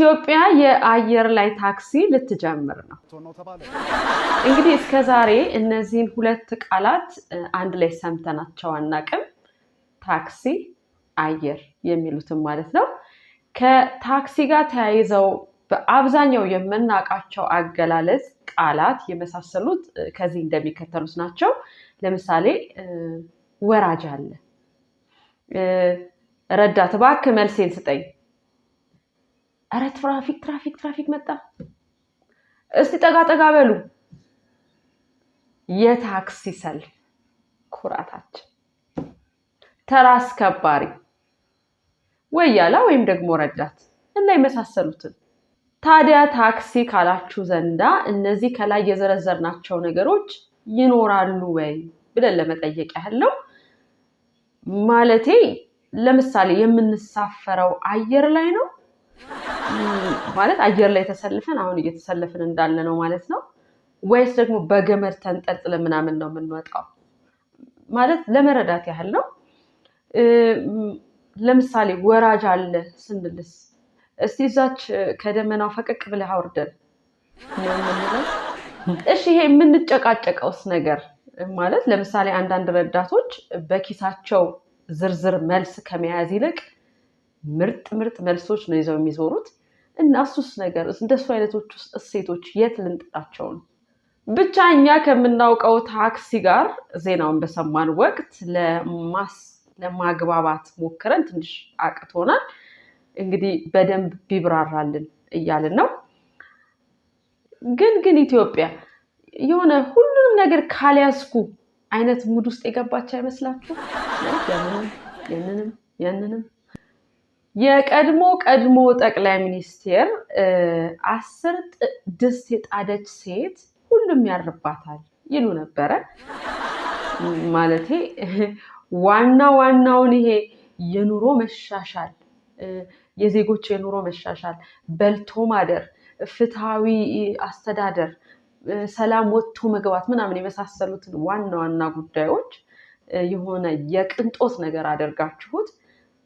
ኢትዮጵያ የአየር ላይ ታክሲ ልትጀምር ነው። እንግዲህ እስከ ዛሬ እነዚህን ሁለት ቃላት አንድ ላይ ሰምተናቸው አናቅም። ታክሲ፣ አየር የሚሉትም ማለት ነው። ከታክሲ ጋር ተያይዘው በአብዛኛው የምናውቃቸው አገላለጽ ቃላት የመሳሰሉት ከዚህ እንደሚከተሉት ናቸው። ለምሳሌ ወራጅ አለ፣ ረዳት እባክህ መልሴን ስጠኝ ኧረ ትራፊክ ትራፊክ ትራፊክ መጣ። እስቲ ጠጋ ጠጋ በሉ። የታክሲ ሰልፍ ኩራታችን፣ ተራ አስከባሪ፣ ወያላ ወይም ደግሞ ረዳት እና የመሳሰሉትን። ታዲያ ታክሲ ካላችሁ ዘንዳ እነዚህ ከላይ የዘረዘርናቸው ነገሮች ይኖራሉ ወይ ብለን ለመጠየቅ ያህል ነው። ማለቴ ለምሳሌ የምንሳፈረው አየር ላይ ነው ማለት አየር ላይ ተሰልፈን አሁን እየተሰለፍን እንዳለ ነው ማለት ነው ወይስ ደግሞ በገመድ ተንጠልጥለ ምናምን ነው የምንወጣው? ማለት ለመረዳት ያህል ነው። ለምሳሌ ወራጅ አለ ስንልስ እስቲ እዛች ከደመናው ፈቀቅ ብለህ አውርደን እሺ፣ ይሄ የምንጨቃጨቀውስ ነገር ማለት ለምሳሌ አንዳንድ ረዳቶች በኪሳቸው ዝርዝር መልስ ከመያዝ ይልቅ ምርጥ ምርጥ መልሶች ነው ይዘው የሚዞሩት። እና እሱስ ነገር እንደሱ አይነቶች ውስጥ እሴቶች የት ልንጥላቸው ነው? ብቻ እኛ ከምናውቀው ታክሲ ጋር ዜናውን በሰማን ወቅት ለማግባባት ሞክረን ትንሽ አቅቶናል። እንግዲህ በደንብ ቢብራራልን እያልን ነው። ግን ግን ኢትዮጵያ የሆነ ሁሉንም ነገር ካልያዝኩ አይነት ሙድ ውስጥ የገባች አይመስላችሁ? ያንንም ያንንም ያንንም የቀድሞ ቀድሞ ጠቅላይ ሚኒስቴር አስር ድስት የጣደች ሴት ሁሉም ያርባታል ይሉ ነበረ። ማለቴ ዋና ዋናውን ይሄ የኑሮ መሻሻል፣ የዜጎች የኑሮ መሻሻል፣ በልቶ ማደር፣ ፍትሃዊ አስተዳደር፣ ሰላም ወጥቶ መግባት ምናምን የመሳሰሉትን ዋና ዋና ጉዳዮች የሆነ የቅንጦት ነገር አድርጋችሁት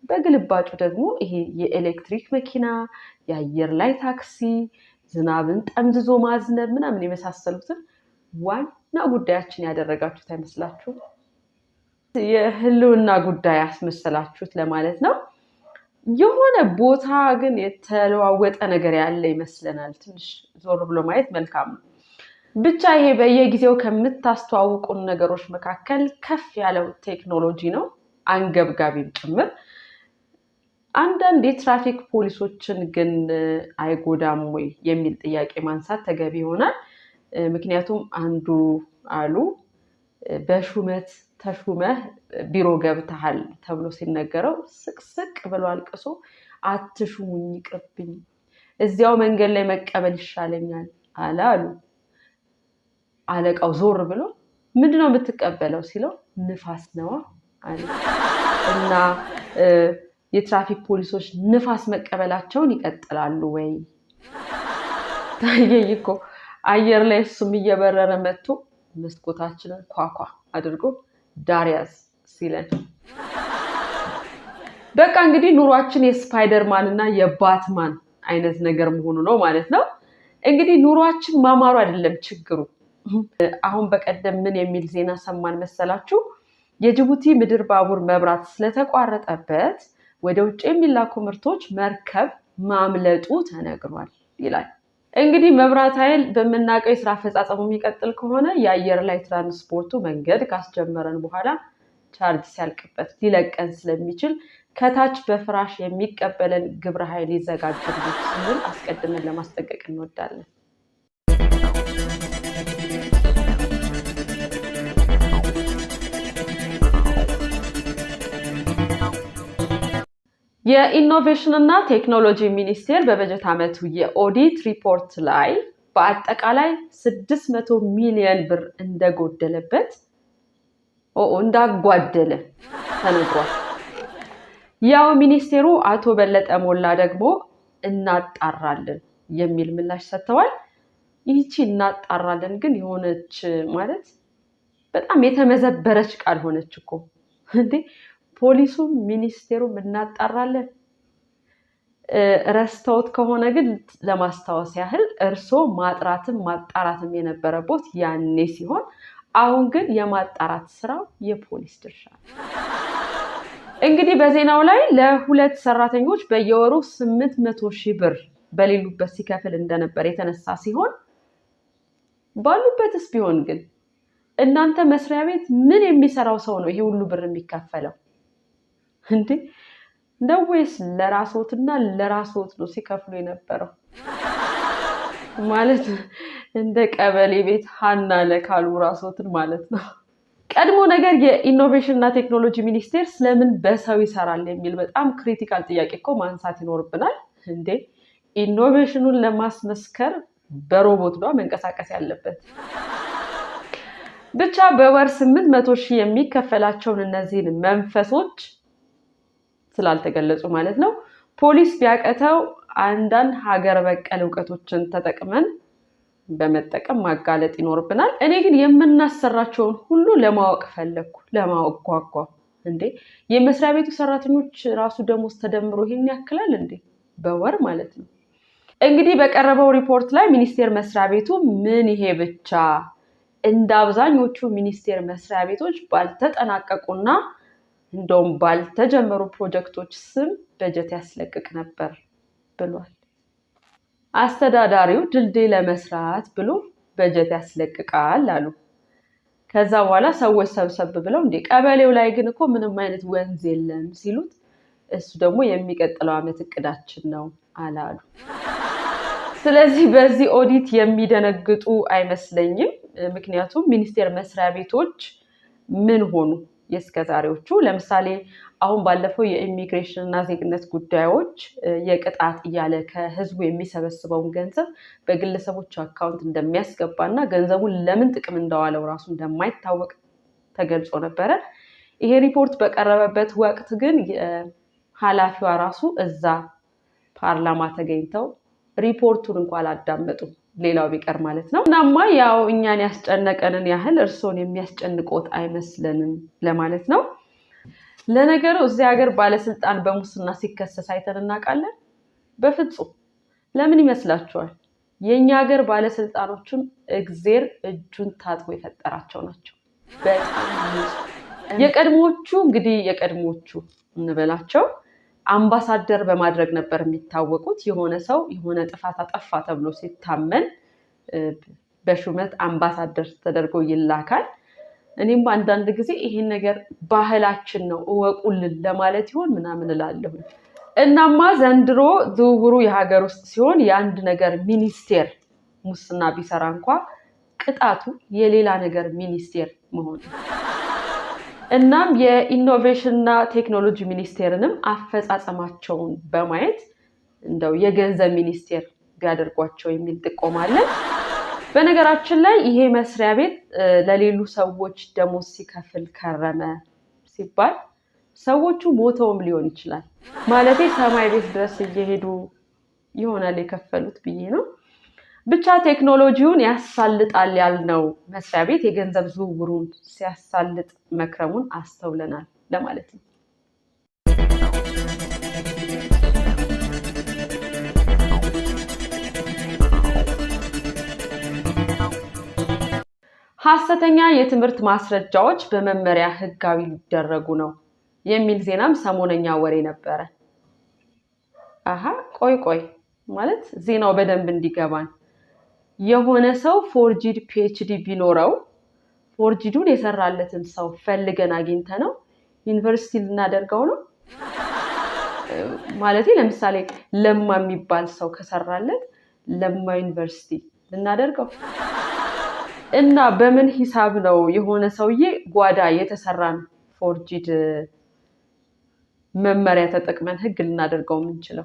በግልባጩ ደግሞ ይሄ የኤሌክትሪክ መኪና፣ የአየር ላይ ታክሲ፣ ዝናብን ጠምዝዞ ማዝነብ ምናምን የመሳሰሉትን ዋና ጉዳያችን ያደረጋችሁት አይመስላችሁም? የህልውና ጉዳይ ያስመሰላችሁት ለማለት ነው። የሆነ ቦታ ግን የተለዋወጠ ነገር ያለ ይመስለናል። ትንሽ ዞር ብሎ ማየት መልካም ነው። ብቻ ይሄ በየጊዜው ከምታስተዋውቁን ነገሮች መካከል ከፍ ያለው ቴክኖሎጂ ነው፣ አንገብጋቢም ጭምር አንዳንድ የትራፊክ ፖሊሶችን ግን አይጎዳም ወይ የሚል ጥያቄ ማንሳት ተገቢ ይሆናል። ምክንያቱም አንዱ አሉ በሹመት ተሹመህ ቢሮ ገብተሃል ተብሎ ሲነገረው ስቅስቅ ብሎ አልቅሶ አትሹሙኝ ይቅርብኝ፣ እዚያው መንገድ ላይ መቀበል ይሻለኛል አለ አሉ። አለቃው ዞር ብሎ ምንድነው የምትቀበለው ሲለው ንፋስ ነዋ አለ እና የትራፊክ ፖሊሶች ንፋስ መቀበላቸውን ይቀጥላሉ ወይ? ታየ እኮ አየር ላይ እሱም እየበረረ መጥቶ መስኮታችንን ኳኳ አድርጎ ዳሪያዝ ሲለን በቃ እንግዲህ ኑሯችን የስፓይደርማን እና የባትማን አይነት ነገር መሆኑ ነው ማለት ነው። እንግዲህ ኑሯችን ማማሩ አይደለም ችግሩ። አሁን በቀደም ምን የሚል ዜና ሰማን መሰላችሁ? የጅቡቲ ምድር ባቡር መብራት ስለተቋረጠበት ወደ ውጭ የሚላኩ ምርቶች መርከብ ማምለጡ ተነግሯል ይላል። እንግዲህ መብራት ኃይል በምናውቀው የስራ አፈጻጸሙ የሚቀጥል ከሆነ የአየር ላይ ትራንስፖርቱ መንገድ ካስጀመረን በኋላ ቻርጅ ሲያልቅበት ሊለቀን ስለሚችል ከታች በፍራሽ የሚቀበለን ግብረ ኃይል ይዘጋጅ ስንል አስቀድመን ለማስጠንቀቅ እንወዳለን። የኢኖቬሽን እና ቴክኖሎጂ ሚኒስቴር በበጀት ዓመቱ የኦዲት ሪፖርት ላይ በአጠቃላይ 600 ሚሊዮን ብር እንደጎደለበት እንዳጓደለ ተነግሯል። ያው ሚኒስቴሩ አቶ በለጠ ሞላ ደግሞ እናጣራለን የሚል ምላሽ ሰጥተዋል። ይቺ እናጣራለን ግን የሆነች ማለት በጣም የተመዘበረች ቃል ሆነች እኮ እንዴ! ፖሊሱም ሚኒስቴሩም እናጣራለን። ረስተውት ከሆነ ግን ለማስታወስ ያህል እርስዎ ማጥራትም ማጣራትም የነበረቦት ያኔ ሲሆን፣ አሁን ግን የማጣራት ስራው የፖሊስ ድርሻ ነው። እንግዲህ በዜናው ላይ ለሁለት ሰራተኞች በየወሩ ስምንት መቶ ሺህ ብር በሌሉበት ሲከፍል እንደነበር የተነሳ ሲሆን ባሉበትስ ቢሆን ግን እናንተ መስሪያ ቤት ምን የሚሰራው ሰው ነው ይሄ ሁሉ ብር የሚከፈለው? እንዴ ነው ወይስ ለራስዎትና ለራስዎት ነው ሲከፍሉ የነበረው? ማለት እንደ ቀበሌ ቤት ሀና ለካሉ ራስዎትን ማለት ነው። ቀድሞ ነገር የኢኖቬሽን እና ቴክኖሎጂ ሚኒስቴር ስለምን በሰው ይሰራል የሚል በጣም ክሪቲካል ጥያቄ እኮ ማንሳት ይኖርብናል። እንዴ ኢኖቬሽኑን ለማስመስከር በሮቦት ዷ መንቀሳቀስ ያለበት ብቻ በወር ስምንት መቶ ሺህ የሚከፈላቸውን እነዚህን መንፈሶች ስላልተገለጹ ማለት ነው። ፖሊስ ቢያቀተው አንዳንድ ሀገር በቀል እውቀቶችን ተጠቅመን በመጠቀም ማጋለጥ ይኖርብናል። እኔ ግን የምናሰራቸውን ሁሉ ለማወቅ ፈለግኩ፣ ለማወቅ ጓጓ። እንዴ የመስሪያ ቤቱ ሰራተኞች ራሱ ደሞዝ ተደምሮ ይህን ያክላል እንዴ በወር ማለት ነው። እንግዲህ በቀረበው ሪፖርት ላይ ሚኒስቴር መስሪያ ቤቱ ምን ይሄ ብቻ እንደ አብዛኞቹ ሚኒስቴር መስሪያ ቤቶች ባልተጠናቀቁና እንደውም ባልተጀመሩ ፕሮጀክቶች ስም በጀት ያስለቅቅ ነበር ብሏል። አስተዳዳሪው ድልድይ ለመስራት ብሎ በጀት ያስለቅቃል አሉ። ከዛ በኋላ ሰዎች ሰብሰብ ብለው እንደ ቀበሌው ላይ ግን እኮ ምንም አይነት ወንዝ የለም ሲሉት እሱ ደግሞ የሚቀጥለው ዓመት እቅዳችን ነው አላሉ። ስለዚህ በዚህ ኦዲት የሚደነግጡ አይመስለኝም። ምክንያቱም ሚኒስቴር መስሪያ ቤቶች ምን ሆኑ? ዛሬዎቹ ለምሳሌ አሁን ባለፈው የኢሚግሬሽን እና ዜግነት ጉዳዮች የቅጣት እያለ ከህዝቡ የሚሰበስበውን ገንዘብ በግለሰቦች አካውንት እንደሚያስገባ እና ገንዘቡን ለምን ጥቅም እንደዋለው ራሱ እንደማይታወቅ ተገልጾ ነበረ። ይሄ ሪፖርት በቀረበበት ወቅት ግን ኃላፊዋ ራሱ እዛ ፓርላማ ተገኝተው ሪፖርቱን እንኳ አላዳመጡም። ሌላው ቢቀር ማለት ነው። እናማ ያው እኛን ያስጨነቀንን ያህል እርስዎን የሚያስጨንቆት አይመስለንም ለማለት ነው። ለነገሩ እዚህ ሀገር ባለስልጣን በሙስና ሲከሰስ አይተን እናውቃለን? በፍጹም። ለምን ይመስላችኋል? የእኛ ሀገር ባለስልጣኖቹን እግዜር እጁን ታጥቦ የፈጠራቸው ናቸው። በጣም የቀድሞቹ እንግዲህ የቀድሞቹ እንበላቸው አምባሳደር በማድረግ ነበር የሚታወቁት። የሆነ ሰው የሆነ ጥፋት አጠፋ ተብሎ ሲታመን በሹመት አምባሳደር ተደርጎ ይላካል። እኔም አንዳንድ ጊዜ ይሄን ነገር ባህላችን ነው እወቁልን ለማለት ይሆን ምናምን እላለሁ። እናማ ዘንድሮ ዝውውሩ የሀገር ውስጥ ሲሆን የአንድ ነገር ሚኒስቴር ሙስና ቢሰራ እንኳ ቅጣቱ የሌላ ነገር ሚኒስቴር መሆን እናም የኢኖቬሽንና ቴክኖሎጂ ሚኒስቴርንም አፈጻጸማቸውን በማየት እንደው የገንዘብ ሚኒስቴር ቢያደርጓቸው የሚል ጥቆማለን። በነገራችን ላይ ይሄ መስሪያ ቤት ለሌሉ ሰዎች ደሞዝ ሲከፍል ከረመ ሲባል ሰዎቹ ሞተውም ሊሆን ይችላል። ማለቴ ሰማይ ቤት ድረስ እየሄዱ ይሆናል የከፈሉት ብዬ ነው። ብቻ ቴክኖሎጂውን ያሳልጣል ያልነው መስሪያ ቤት የገንዘብ ዝውውሩን ሲያሳልጥ መክረሙን አስተውለናል ለማለት ነው። ሐሰተኛ የትምህርት ማስረጃዎች በመመሪያ ሕጋዊ ሊደረጉ ነው የሚል ዜናም ሰሞነኛ ወሬ ነበረ። አሀ ቆይ ቆይ ማለት ዜናው በደንብ እንዲገባን የሆነ ሰው ፎርጂድ ፒኤችዲ ቢኖረው ፎርጂዱን የሰራለትን ሰው ፈልገን አግኝተ ነው ዩኒቨርሲቲ ልናደርገው ነው ማለት ለምሳሌ ለማ የሚባል ሰው ከሰራለት ለማ ዩኒቨርሲቲ ልናደርገው እና በምን ሂሳብ ነው የሆነ ሰውዬ ጓዳ የተሰራን ፎርጂድ መመሪያ ተጠቅመን ህግ ልናደርገው የምንችለው?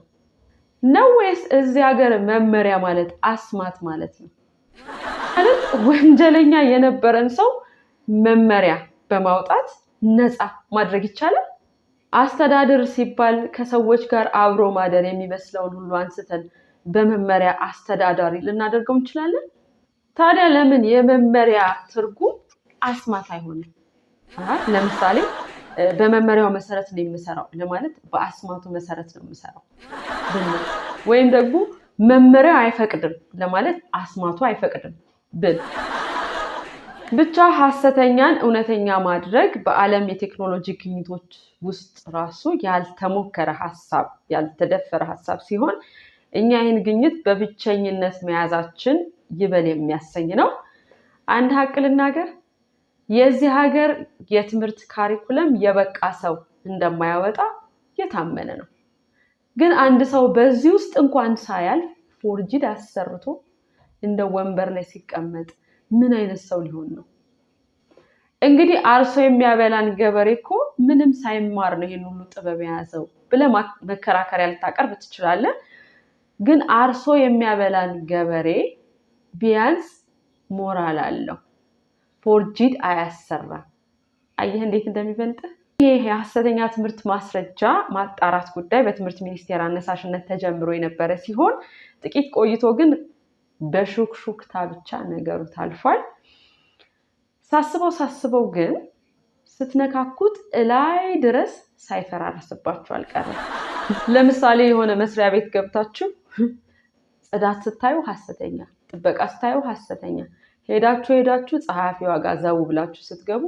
ነው ወይስ እዚህ ሀገር መመሪያ ማለት አስማት ማለት ነው? ማለት ወንጀለኛ የነበረን ሰው መመሪያ በማውጣት ነፃ ማድረግ ይቻላል? አስተዳደር ሲባል ከሰዎች ጋር አብሮ ማደር የሚመስለውን ሁሉ አንስተን በመመሪያ አስተዳዳሪ ልናደርገው እንችላለን። ታዲያ ለምን የመመሪያ ትርጉም አስማት አይሆንም? ለምሳሌ በመመሪያው መሰረት ነው የምሰራው ለማለት በአስማቱ መሰረት ነው የምሰራው ወይም ደግሞ መመሪያው አይፈቅድም ለማለት አስማቱ አይፈቅድም ብል ብቻ ሀሰተኛን እውነተኛ ማድረግ በዓለም የቴክኖሎጂ ግኝቶች ውስጥ ራሱ ያልተሞከረ ሀሳብ ያልተደፈረ ሀሳብ ሲሆን እኛ ይህን ግኝት በብቸኝነት መያዛችን ይበል የሚያሰኝ ነው። አንድ ሀቅ ልናገር፣ የዚህ ሀገር የትምህርት ካሪኩለም የበቃ ሰው እንደማያወጣ የታመነ ነው። ግን አንድ ሰው በዚህ ውስጥ እንኳን ሳያልፍ ፎርጅድ አሰርቶ እንደ ወንበር ላይ ሲቀመጥ ምን አይነት ሰው ሊሆን ነው? እንግዲህ አርሶ የሚያበላን ገበሬ እኮ ምንም ሳይማር ነው ይሄን ሁሉ ጥበብ የያዘው ብለህ መከራከሪያ ልታቀርብ ትችላለህ። ግን አርሶ የሚያበላን ገበሬ ቢያንስ ሞራል አለው። ፎርጂድ አያሰራም። አየህ እንዴት እንደሚበልጥህ። ይህ የሀሰተኛ ትምህርት ማስረጃ ማጣራት ጉዳይ በትምህርት ሚኒስቴር አነሳሽነት ተጀምሮ የነበረ ሲሆን ጥቂት ቆይቶ ግን በሹክሹክታ ብቻ ነገሩ ታልፏል። ሳስበው ሳስበው ግን ስትነካኩት እላይ ድረስ ሳይፈራረስባችሁ አልቀረም። ለምሳሌ የሆነ መስሪያ ቤት ገብታችሁ ጽዳት ስታዩ ሀሰተኛ፣ ጥበቃ ስታዩ ሀሰተኛ፣ ሄዳችሁ ሄዳችሁ ጸሐፊዋ ዋጋ ዘው ብላችሁ ስትገቡ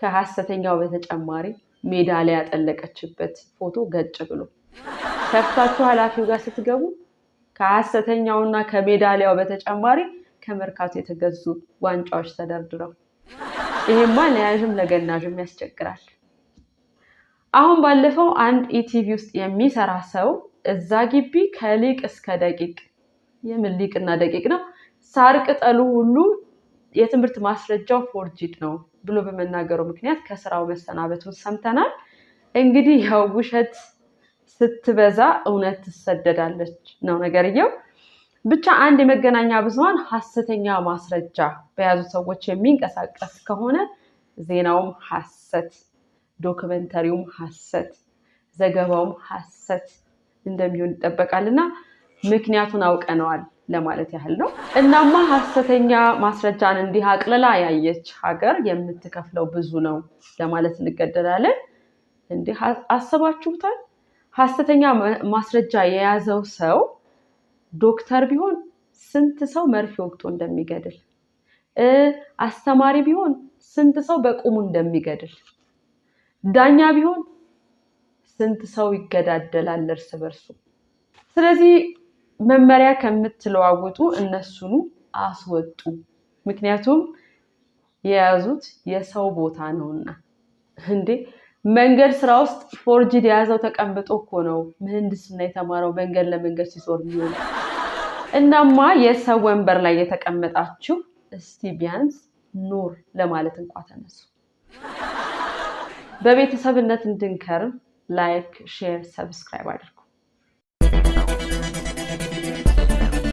ከሀሰተኛው በተጨማሪ ሜዳ ላይ ያጠለቀችበት ፎቶ ገጭ ብሎ ከፍታችሁ ኃላፊው ጋር ስትገቡ ከሀሰተኛውና ከሜዳሊያው በተጨማሪ ከመርካቶ የተገዙ ዋንጫዎች ተደርድረው፣ ይሄማ ለያዥም ለገናዥም ያስቸግራል። አሁን ባለፈው አንድ ኢቲቪ ውስጥ የሚሰራ ሰው እዛ ግቢ ከሊቅ እስከ ደቂቅ የምን ሊቅና ደቂቅ ነው? ሳር ቅጠሉ ሁሉ የትምህርት ማስረጃው ፎርጂድ ነው ብሎ በመናገሩ ምክንያት ከስራው መሰናበቱን ሰምተናል። እንግዲህ ያው ውሸት ስትበዛ እውነት ትሰደዳለች ነው ነገርየው። ብቻ አንድ የመገናኛ ብዙሃን ሀሰተኛ ማስረጃ በያዙ ሰዎች የሚንቀሳቀስ ከሆነ ዜናውም ሀሰት፣ ዶክመንተሪውም ሀሰት፣ ዘገባውም ሀሰት እንደሚሆን ይጠበቃል እና ምክንያቱን አውቀነዋል። ለማለት ያህል ነው። እናማ ሀሰተኛ ማስረጃን እንዲህ አቅልላ ያየች ሀገር የምትከፍለው ብዙ ነው ለማለት እንገደዳለን። እንዲህ አስባችሁታል? ሀሰተኛ ማስረጃ የያዘው ሰው ዶክተር ቢሆን ስንት ሰው መርፌ ወግቶ እንደሚገድል፣ አስተማሪ ቢሆን ስንት ሰው በቁሙ እንደሚገድል፣ ዳኛ ቢሆን ስንት ሰው ይገዳደላል እርስ በርሱ። ስለዚህ መመሪያ ከምትለዋውጡ እነሱኑ አስወጡ። ምክንያቱም የያዙት የሰው ቦታ ነውና። እንዴ መንገድ ስራ ውስጥ ፎርጅድ የያዘው ተቀምጦ እኮ ነው ምህንድስና የተማረው መንገድ ለመንገድ ሲዞር ሚሆን። እናማ የሰው ወንበር ላይ የተቀመጣችሁ እስቲ ቢያንስ ኑር ለማለት እንኳ ተነሱ። በቤተሰብነት እንድንከርም ላይክ፣ ሼር፣ ሰብስክራይብ አድርጉ።